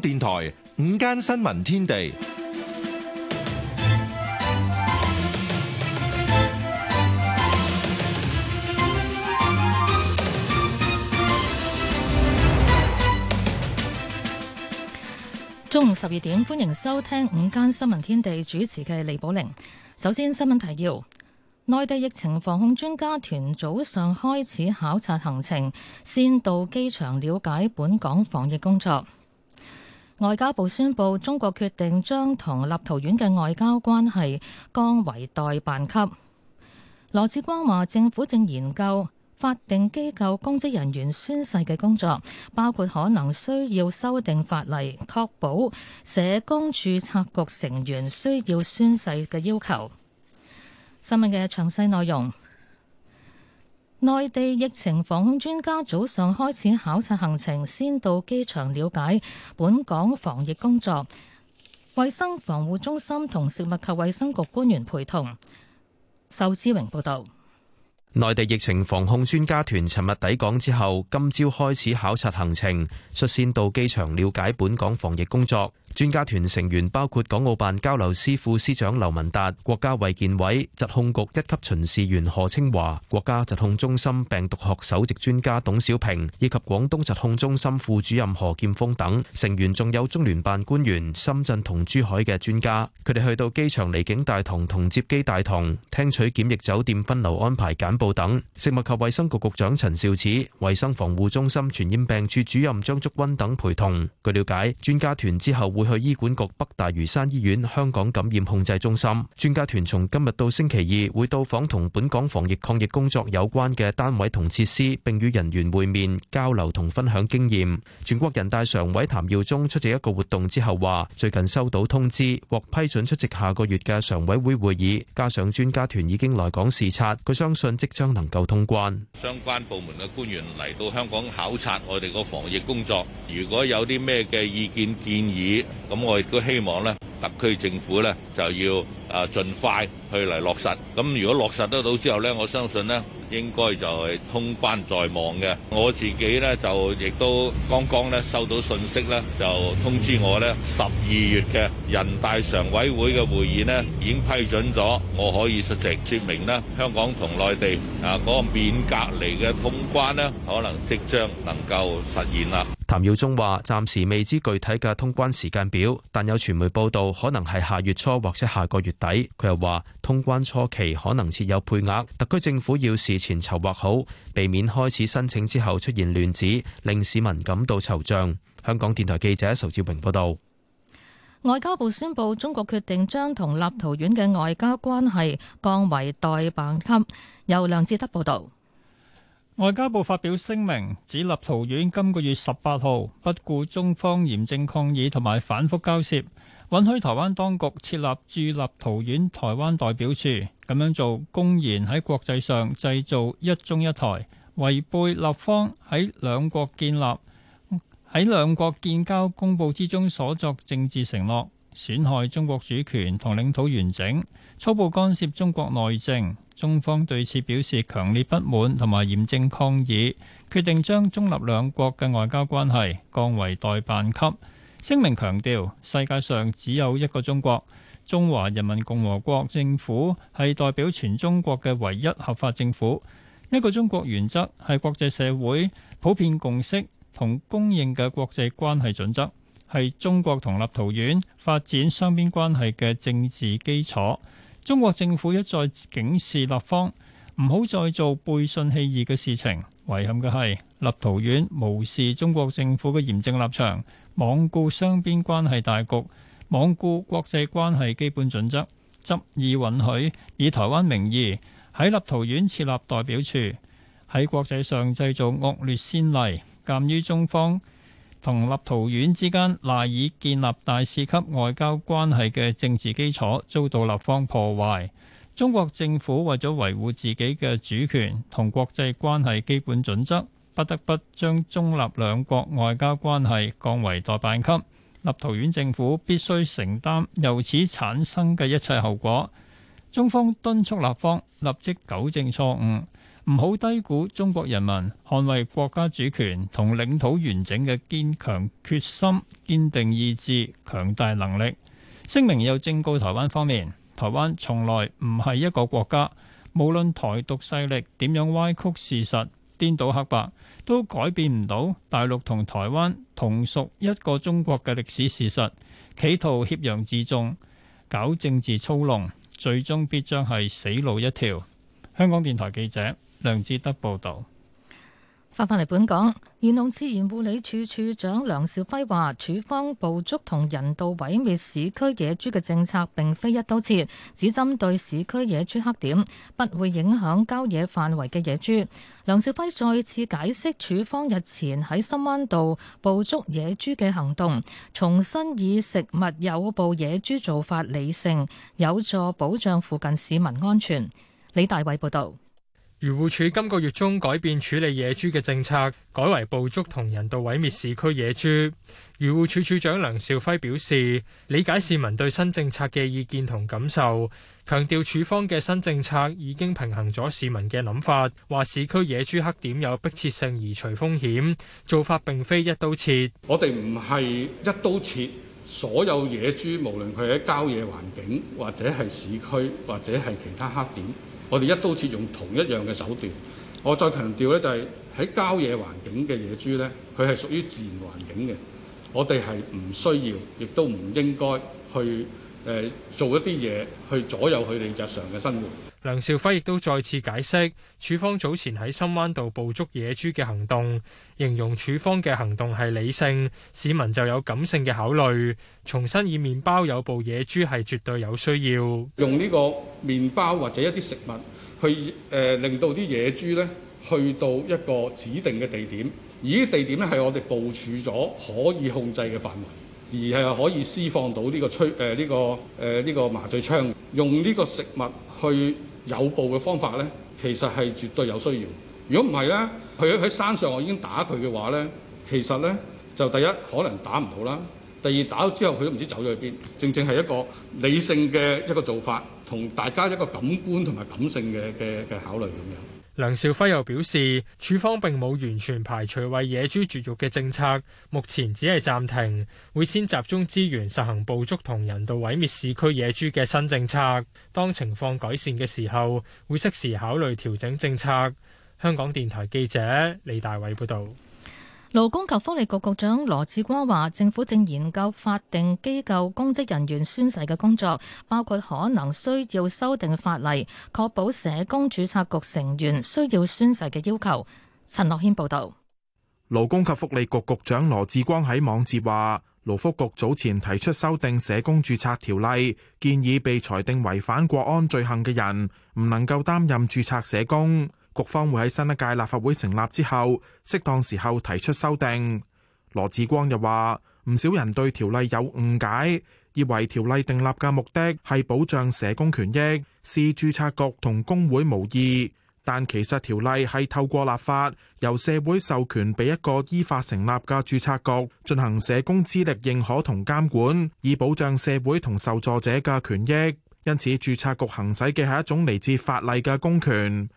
電台午間新聞天地，中午十二點，歡迎收聽午間新聞天地主持嘅李寶玲。首先，新聞提要：內地疫情防控專家團早上開始考察行程，先到機場了解本港防疫工作。外交部宣布，中國決定將同立陶宛嘅外交關係降為代辦級。羅致光話，政府正研究法定機構公職人員宣誓嘅工作，包括可能需要修訂法例，確保社工註冊局成員需要宣誓嘅要求。新聞嘅詳細內容。內地疫情防控專家早上開始考察行程，先到機場了解本港防疫工作。衛生防護中心同食物及衛生局官員陪同。仇志榮報道。內地疫情防控專家團尋日抵港之後，今朝開始考察行程，率先到機場了解本港防疫工作。專家團成員包括港澳辦交流司副司長劉文達，國家衛健委疾控局一級巡視員何清華，國家疾控中心病毒學首席專家董小平，以及廣東疾控中心副主任何劍鋒等。成員仲有中聯辦官員深圳同珠海嘅專家。佢哋去到機場離境大堂同接機大堂，聽取檢疫酒店分流安排簡報等。食物及衛生局局長陳肇始、衛生防護中心傳染病處主任張竹君等陪同。據了解，專家團之後會。去醫管局北大嶼山醫院香港感染控制中心。專家團從今日到星期二會到訪同本港防疫抗疫工作有關嘅單位同設施，並與人員會面交流同分享經驗。全國人大常委譚耀宗出席一個活動之後話，最近收到通知獲批准出席下個月嘅常委會會議，加上專家團已經來港視察，佢相信即將能夠通關。相關部門嘅官員嚟到香港考察我哋個防疫工作，如果有啲咩嘅意見建議。咁我亦都希望咧，特區政府咧就要啊，儘快去嚟落實。咁如果落實得到之後咧，我相信咧，應該就係通關在望嘅。我自己咧就亦都剛剛咧收到信息咧，就通知我咧，十二月嘅人大常委會嘅會議咧已經批准咗，我可以說明咧，香港同內地啊嗰個免隔離嘅通關咧，可能即將能夠實現啦。譚耀宗話：暫時未知具體嘅通關時間表，但有傳媒報道可能係下月初或者下個月底。佢又話：通關初期可能設有配額，特區政府要事前籌劃好，避免開始申請之後出現亂子，令市民感到惆悵。香港電台記者仇志平報道。外交部宣布，中國決定將同立陶宛嘅外交關係降為代辦級。由梁志德報道。外交部發表聲明，指立陶宛今個月十八號不顧中方嚴正抗議同埋反覆交涉，允許台灣當局設立駐立陶宛台灣代表處，噉樣做公然喺國際上製造一中一台，違背立方喺兩國建立、喺兩國建交公佈之中所作政治承諾。損害中國主權同領土完整，粗暴干涉中國內政，中方對此表示強烈不滿同埋嚴正抗議，決定將中立兩國嘅外交關係降為代辦級。聲明強調，世界上只有一個中國，中華人民共和國政府係代表全中國嘅唯一合法政府。一個中國原則係國際社會普遍共識同公認嘅國際關係準則，係中國同立陶宛發展雙邊關係嘅政治基礎。中國政府一再警示立方，唔好再做背信棄義嘅事情。遺憾嘅係，立陶宛無視中國政府嘅嚴正立場，罔顧雙邊關係大局，罔顧國際關係基本準則，執意允許以台灣名義喺立陶宛設立代表處，喺國際上製造惡劣先例。鑑於中方同立陶宛之間賴以建立大使級外交關係嘅政治基礎遭到立方破壞。中國政府為咗維護自己嘅主權同國際關係基本準則，不得不將中立兩國外交關係降為代辦級。立陶宛政府必須承擔由此產生嘅一切後果。中方敦促立方立即糾正錯誤。唔好低估中國人民捍衛國家主權同領土完整嘅堅強決心、堅定意志、強大能力。聲明又正告台灣方面，台灣從來唔係一個國家，無論台獨勢力點樣歪曲事實、顛倒黑白，都改變唔到大陸同台灣同屬一個中國嘅歷史事實。企圖挾洋自重、搞政治操弄，最終必將係死路一條，香港電台記者。梁志德報道，翻返嚟本港，漁農自然護理署署長梁肇輝話，署方捕捉同人道毀滅市區野豬嘅政策並非一刀切，只針對市區野豬黑點，不會影響郊野範圍嘅野豬。梁肇輝再次解釋，署方日前喺深灣道捕捉野豬嘅行動，重申以食物誘捕野豬做法理性，有助保障附近市民安全。李大偉報道。漁護署今個月中改變處理野豬嘅政策，改為捕捉同人道毀滅市區野豬。漁護署署長梁兆輝表示，理解市民對新政策嘅意見同感受，強調署方嘅新政策已經平衡咗市民嘅諗法，話市區野豬黑點有迫切性移除風險，做法並非一刀切。我哋唔係一刀切所有野豬，無論佢喺郊野環境，或者係市區，或者係其他黑點。我哋一刀切用同一樣嘅手段。我再強調咧，就係喺郊野環境嘅野豬咧，佢係屬於自然環境嘅。我哋係唔需要，亦都唔應該去誒、呃、做一啲嘢去左右佢哋日常嘅生活。梁少輝亦都再次解釋，署方早前喺深灣道捕捉野豬嘅行動，形容署方嘅行動係理性，市民就有感性嘅考慮。重申以麵包誘捕野豬係絕對有需要，用呢個麵包或者一啲食物去誒、呃、令到啲野豬呢去到一個指定嘅地點，而啲地點呢係我哋部署咗可以控制嘅範圍，而係可以施放到呢個催誒呢個誒呢、呃呢個麻醉槍，用呢個食物去，有步嘅方法呢，其實係絕對有需要。如果唔係呢，佢喺山上，我已經打佢嘅話呢，其實呢，就第一可能打唔到啦，第二打咗之後佢都唔知走咗去邊，正正係一個理性嘅一個做法，同大家一個感官同埋感性嘅嘅嘅考慮咁樣。梁肇輝又表示，署方並冇完全排除為野豬絕育嘅政策，目前只係暫停，會先集中資源實行捕捉同人道毀滅市區野豬嘅新政策。當情況改善嘅時候，會適時考慮調整政策。香港電台記者李大偉報導。勞工及福利局局長羅致光話，政府正研究法定機構公職人員宣誓嘅工作，包括可能需要修訂法例，確保社工注冊局成員需要宣誓嘅要求。陳樂謙報道。勞工及福利局局長羅致光喺網誌話，勞福局早前提出修訂社工注冊條例，建議被裁定違反國安罪行嘅人唔能夠擔任注冊社工。局方會喺新一屆立法會成立之後，適當時候提出修訂。羅志光又話，唔少人對條例有誤解，以為條例訂立嘅目的係保障社工權益，視註冊局同工會無異，但其實條例係透過立法由社會授權，俾一個依法成立嘅註冊局進行社工資歷認可同監管，以保障社會同受助者嘅權益。因此，註冊局行使嘅係一種嚟自法例嘅公權。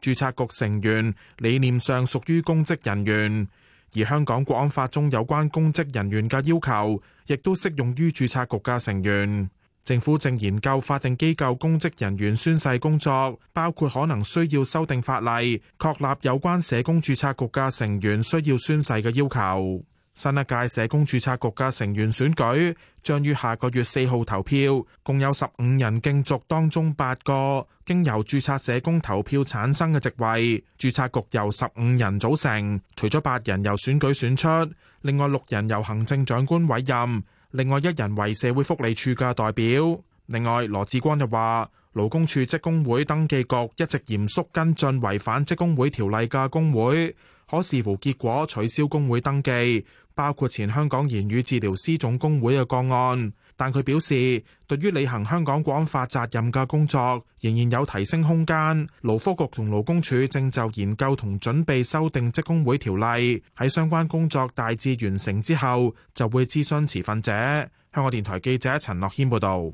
註冊局成員理念上屬於公職人員，而香港國安法中有關公職人員嘅要求，亦都適用於註冊局嘅成員。政府正研究法定機構公職人員宣誓工作，包括可能需要修訂法例，確立有關社工註冊局嘅成員需要宣誓嘅要求。新一屆社工註冊局嘅成員選舉將於下個月四號投票，共有十五人競逐，當中八個經由註冊社工投票產生嘅席位。註冊局由十五人組成，除咗八人由選舉選出，另外六人由行政長官委任，另外一人為社會福利署嘅代表。另外，羅致光又話，勞工處職工會登記局一直嚴肅跟進違反職工會條例嘅工會，可視乎結果取消工會登記。包括前香港言語治療師總工會嘅個案，但佢表示，對於履行香港國安法責任嘅工作，仍然有提升空間。勞福局同勞工處正就研究同準備修訂職工會條例，喺相關工作大致完成之後，就會諮詢持份者。香港電台記者陳樂謙報道。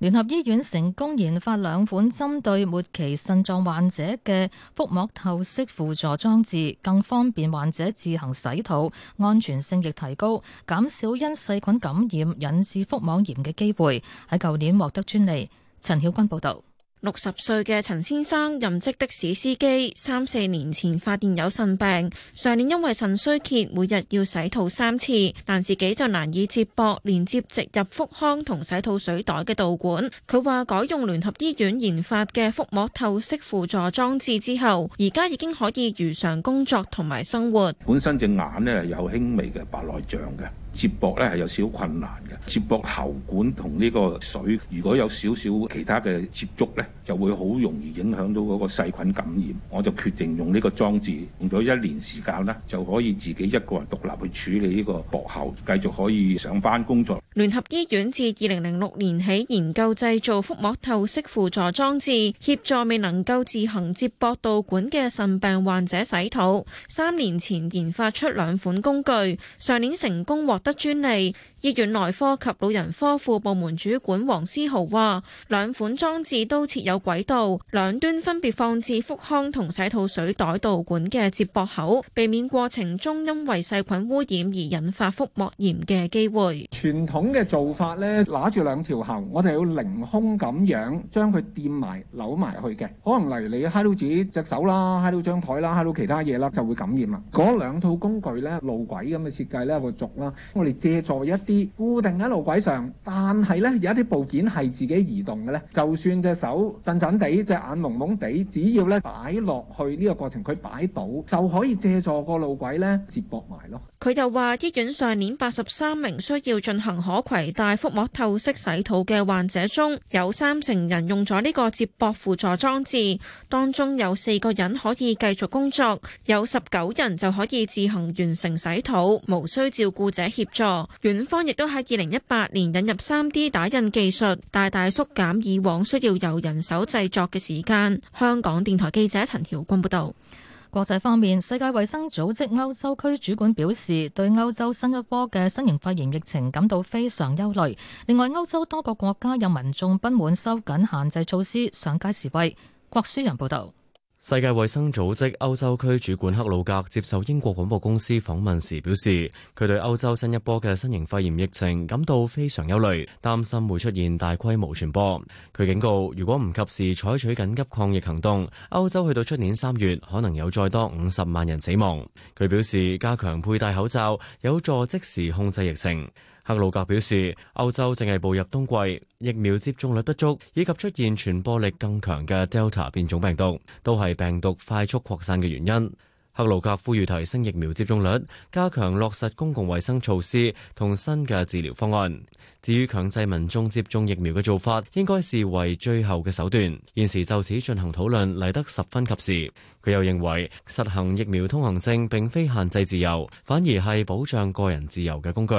聯合醫院成功研發兩款針對末期腎臟患者嘅腹膜透析輔助裝置，更方便患者自行洗肚，安全性亦提高，減少因細菌感染引致腹膜炎嘅機會。喺舊年獲得專利。陳曉君報道。六十歲嘅陳先生任職的士司機，三四年前發現有腎病，上年因為腎衰竭，每日要洗肚三次，但自己就難以接駁、連接植入腹腔同洗肚水袋嘅導管。佢話改用聯合醫院研發嘅腹膜透析輔助裝置之後，而家已經可以如常工作同埋生活。本身隻眼呢，有輕微嘅白內障嘅。接駁呢係有少困難嘅，接駁喉管同呢個水，如果有少少其他嘅接觸呢，就會好容易影響到嗰個細菌感染。我就決定用呢個裝置，用咗一年時間呢，就可以自己一個人獨立去處理呢個駁喉，繼續可以上班工作。聯合醫院自二零零六年起研究製造腹膜透析輔助裝置，協助未能夠自行接駁導管嘅腎病患者洗肚。三年前研發出兩款工具，上年成功獲。得專利，醫院內科及老人科副部門主管黃思豪話：兩款裝置都設有軌道，兩端分別放置腹腔同洗肚水袋導管嘅接駁口，避免過程中因為細菌污染而引發腹膜炎嘅機會。傳統嘅做法呢，拿住兩條喉，我哋要凌空咁樣將佢墊埋、扭埋去嘅，可能例如你揩到自己隻手啦、揩到張台啦、揩到其他嘢啦，就會感染啦。嗰兩套工具呢，路軌咁嘅設計呢，有個軸啦。我哋借助一啲固定喺路軌上，但係咧有一啲部件係自己移動嘅咧。就算隻手震震地，隻眼朦朦地，只要咧擺落去呢個過程，佢擺到就可以借助個路軌咧接駁埋咯。佢又話 醫院上年八十三名需要進行可攜帶腹膜透析洗肚嘅患者中，有三成人用咗呢個接駁輔助裝置，當中有四個人可以繼續工作，有十九人就可以自行完成洗肚，無需照顧者。協助，院方亦都喺二零一八年引入三 D 打印技術，大大縮減以往需要由人手製作嘅時間。香港電台記者陳曉君報道。國際方面，世界衛生組織歐洲區主管表示，對歐洲新一波嘅新型肺炎疫情感到非常憂慮。另外，歐洲多個國家有民眾不滿收緊限制措施，上街示威。郭書陽報道。世界衛生組織歐洲區主管克魯格接受英國廣播公司訪問時表示，佢對歐洲新一波嘅新型肺炎疫情感到非常憂慮，擔心會出現大規模傳播。佢警告，如果唔及時採取緊急抗疫行動，歐洲去到出年三月可能有再多五十萬人死亡。佢表示，加強佩戴口罩有助即時控制疫情。克魯格表示，歐洲正係步入冬季，疫苗接種率不足以及出現傳播力更強嘅 Delta 變種病毒，都係病毒快速擴散嘅原因。克魯格呼籲提升疫苗接種率，加強落實公共衛生措施同新嘅治療方案。至於強制民眾接種疫苗嘅做法，應該視為最後嘅手段。現時就此進行討論嚟得十分及時。佢又認為，實行疫苗通行證並非限制自由，反而係保障個人自由嘅工具。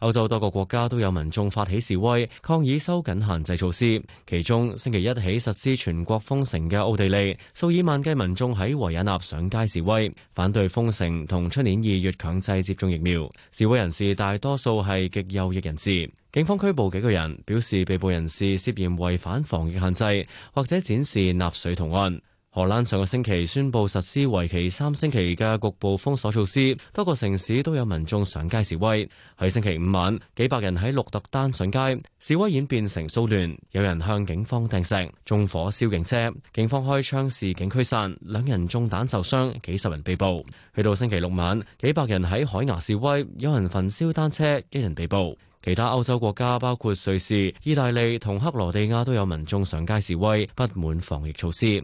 歐洲多個國家都有民眾發起示威，抗議收緊限制措施。其中，星期一起實施全國封城嘅奧地利，數以萬計民眾喺維也納上街示威，反對封城同出年二月強制接種疫苗。示威人士大多數係極右翼人士，警方拘捕幾個人，表示被捕人士涉嫌違反防疫限制或者展示納粹圖案。荷蘭上個星期宣布實施為期三星期嘅局部封鎖措施，多個城市都有民眾上街示威。喺星期五晚，幾百人喺鹿特丹上街，示威演變成騷亂，有人向警方掟石、縱火燒警車，警方開槍示警驅散，兩人中彈受傷，幾十人被捕。去到星期六晚，幾百人喺海牙示威，有人焚燒單車，一人被捕。其他歐洲國家包括瑞士、意大利同克羅地亞都有民眾上街示威，不滿防疫措施。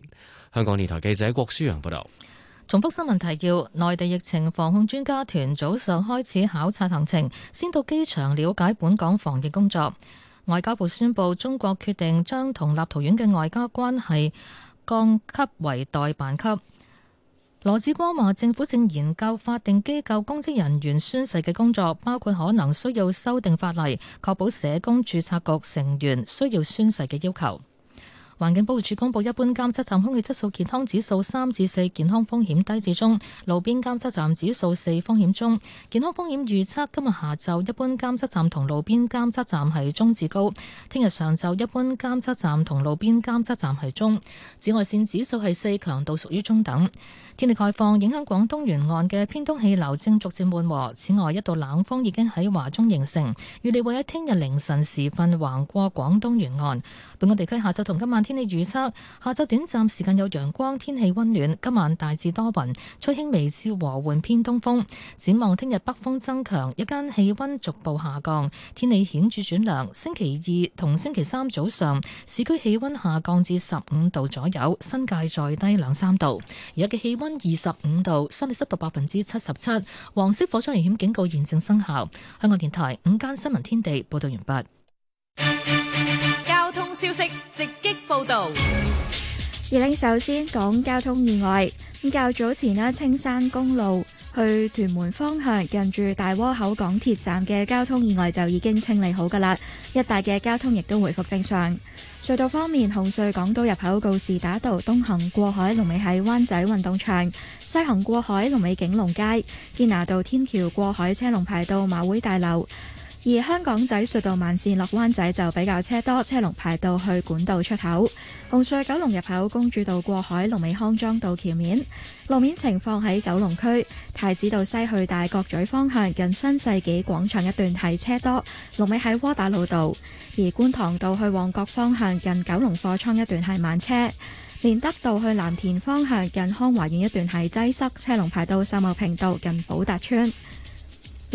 香港電台記者郭舒陽報道。重複新聞提要：內地疫情防控專家團早上開始考察行程，先到機場了解本港防疫工作。外交部宣布，中國決定將同立陶宛嘅外交關係降級為代辦級。羅致光話：政府正研究法定機構公職人員宣誓嘅工作，包括可能需要修訂法例，確保社工註冊局成員需要宣誓嘅要求。環境保護署公布一般監測站空氣質素健康指數三至四，健康風險低至中；路邊監測站指數四，風險中。健康風險預測今日下晝一般監測站同路邊監測站係中至高，聽日上晝一般監測站同路邊監測站係中。紫外線指數係四，強度屬於中等。天氣概況影響廣東沿岸嘅偏東氣流正逐漸緩和，此外一道冷風已經喺華中形成，預料會喺聽日凌晨時分橫過廣東沿岸。本港地區下晝同今晚。天氣預測：下晝短暫時間有陽光，天氣溫暖。今晚大致多雲，吹輕微至和緩偏東風。展望聽日北風增強，日間氣溫逐步下降，天氣顯著轉涼。星期二同星期三早上，市區氣溫下降至十五度左右，新界再低兩三度。而家嘅氣溫二十五度，相對濕度百分之七十七。黃色火災危險警告現正生效。香港電台午間新聞天地報道完畢。消息直擊報道。而令首先講交通意外。咁較早前咧，青山公路去屯門方向，近住大窩口港鐵站嘅交通意外就已經清理好噶啦。一帶嘅交通亦都回復正常。隧道方面，紅隧港島入口告士打道東行過海，龍尾喺灣仔運動場；西行過海，龍尾景隆街。堅拿道天橋過海，車龍排到馬會大樓。而香港仔隧道慢線落灣仔就比較車多，車龍排到去管道出口。紅隧九龍入口、公主道過海、龍尾康莊道橋面。路面情況喺九龍區，太子道西去大角咀方向近新世紀廣場一段係車多，龍尾喺窩打老道。而觀塘道去旺角方向近九龍貨倉一段係慢車，連德道去藍田方向近康華苑一段係擠塞，車龍排到秀茂坪道近寶達邨。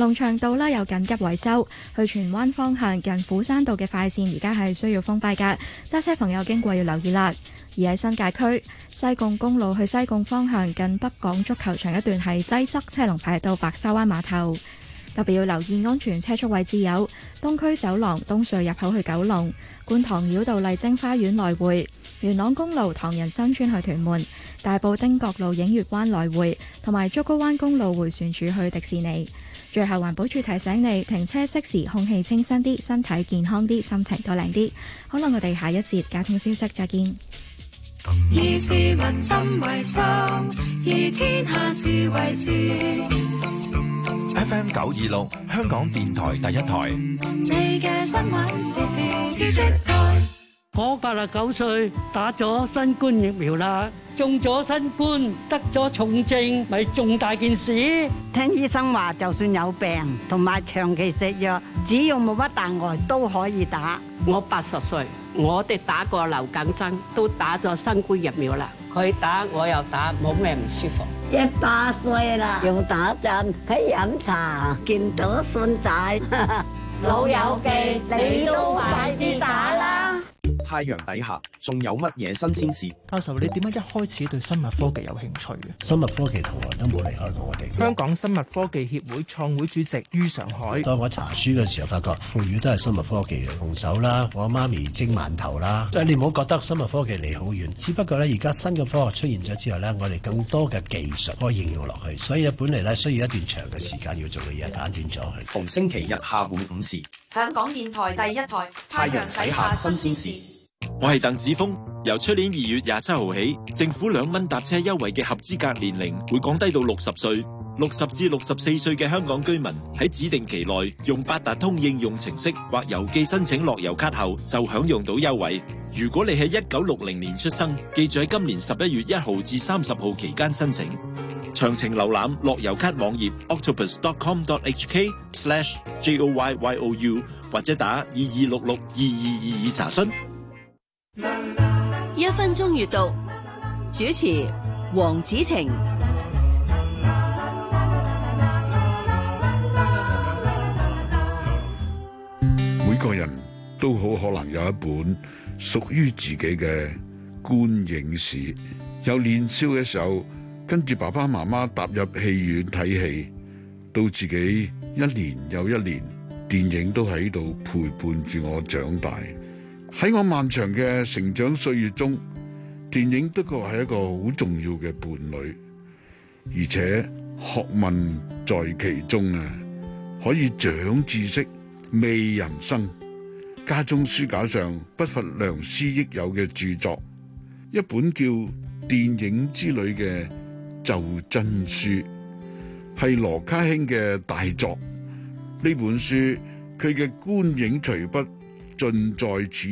龍翔道啦，有緊急維修；去荃灣方向近斧山道嘅快線，而家係需要封閉噶。揸車朋友經過要留意啦。而喺新界區西貢公路去西貢方向，近北港足球場一段係擠塞，車龍排到白沙灣碼頭。特別要留意安全車速位置有東區走廊、東隧入口去九龍、觀塘繞道麗晶花園來回、元朗公路唐人新村去屯門、大埔汀角路映月灣來回，同埋竹篙灣公路迴旋處去迪士尼。最後，環保署提醒你，停車熄匙，空氣清新啲，身體健康啲，心情都靚啲。好啦，我哋下一節交通消息再見。以市民心為心，以天下事為事。 F. M. 九二六，香港電台第一台。我八十九歲，打咗新冠疫苗啦，中咗新冠，得咗重症，咪重大件事。聽醫生話，就算有病同埋長期食藥，只要冇乜大礙都可以打。我八十歲，我哋打過流感針，都打咗新冠疫苗啦。佢打我又打，冇咩唔舒服。一百歲啦，用打針，喺飲茶，見到信仔，老友記，你都快啲打啦。太陽底下仲有乜嘢新鮮事？教授，你點解一開始對生物科技有興趣嘅？生物科技從來都冇離開過我哋。香港生物科技協會創會主席于常海。當我查書嘅時候，發覺腐乳都係生物科技嘅助手啦。我媽咪蒸饅頭啦，即係你唔好覺得生物科技離好遠，只不過咧而家新嘅科學出現咗之後咧，我哋更多嘅技術可以應用落去，所以本嚟咧需要一段長嘅時間要做嘅嘢，簡短咗去。逢星期日下午五時，香港電台第一台，太陽底下新鮮事。我係鄧子峰，由出年二月廿七號起，政府兩蚊搭車優惠嘅合資格年齡會降低到六十歲。六十至六十四歲嘅香港居民喺指定期內用八達通應用程式或郵寄申請樂悠卡後，就享用到優惠。如果你喺一九六零年出生，記住喺今年十一月一號至三十號期間申請。詳情瀏覽樂悠卡網頁 octopus.com.hk/joyyou，或者打二二六六二二二二查詢。一分鐘閱讀，主持王子晴。每個人都好可能有一本屬於自己嘅觀影史。有年少嘅時候，跟住爸爸媽媽踏入戲院睇戲，到自己一年又一年，電影都喺度陪伴住我長大。喺我漫長嘅成長歲月中，電影的確係一個好重要嘅伴侶，而且學問在其中啊！可以長知識、味人生。家中書架上不乏良師益友嘅著作，一本叫《電影之旅》嘅袖珍書，係羅卡興嘅大作。呢本書佢嘅觀影隨筆盡在此。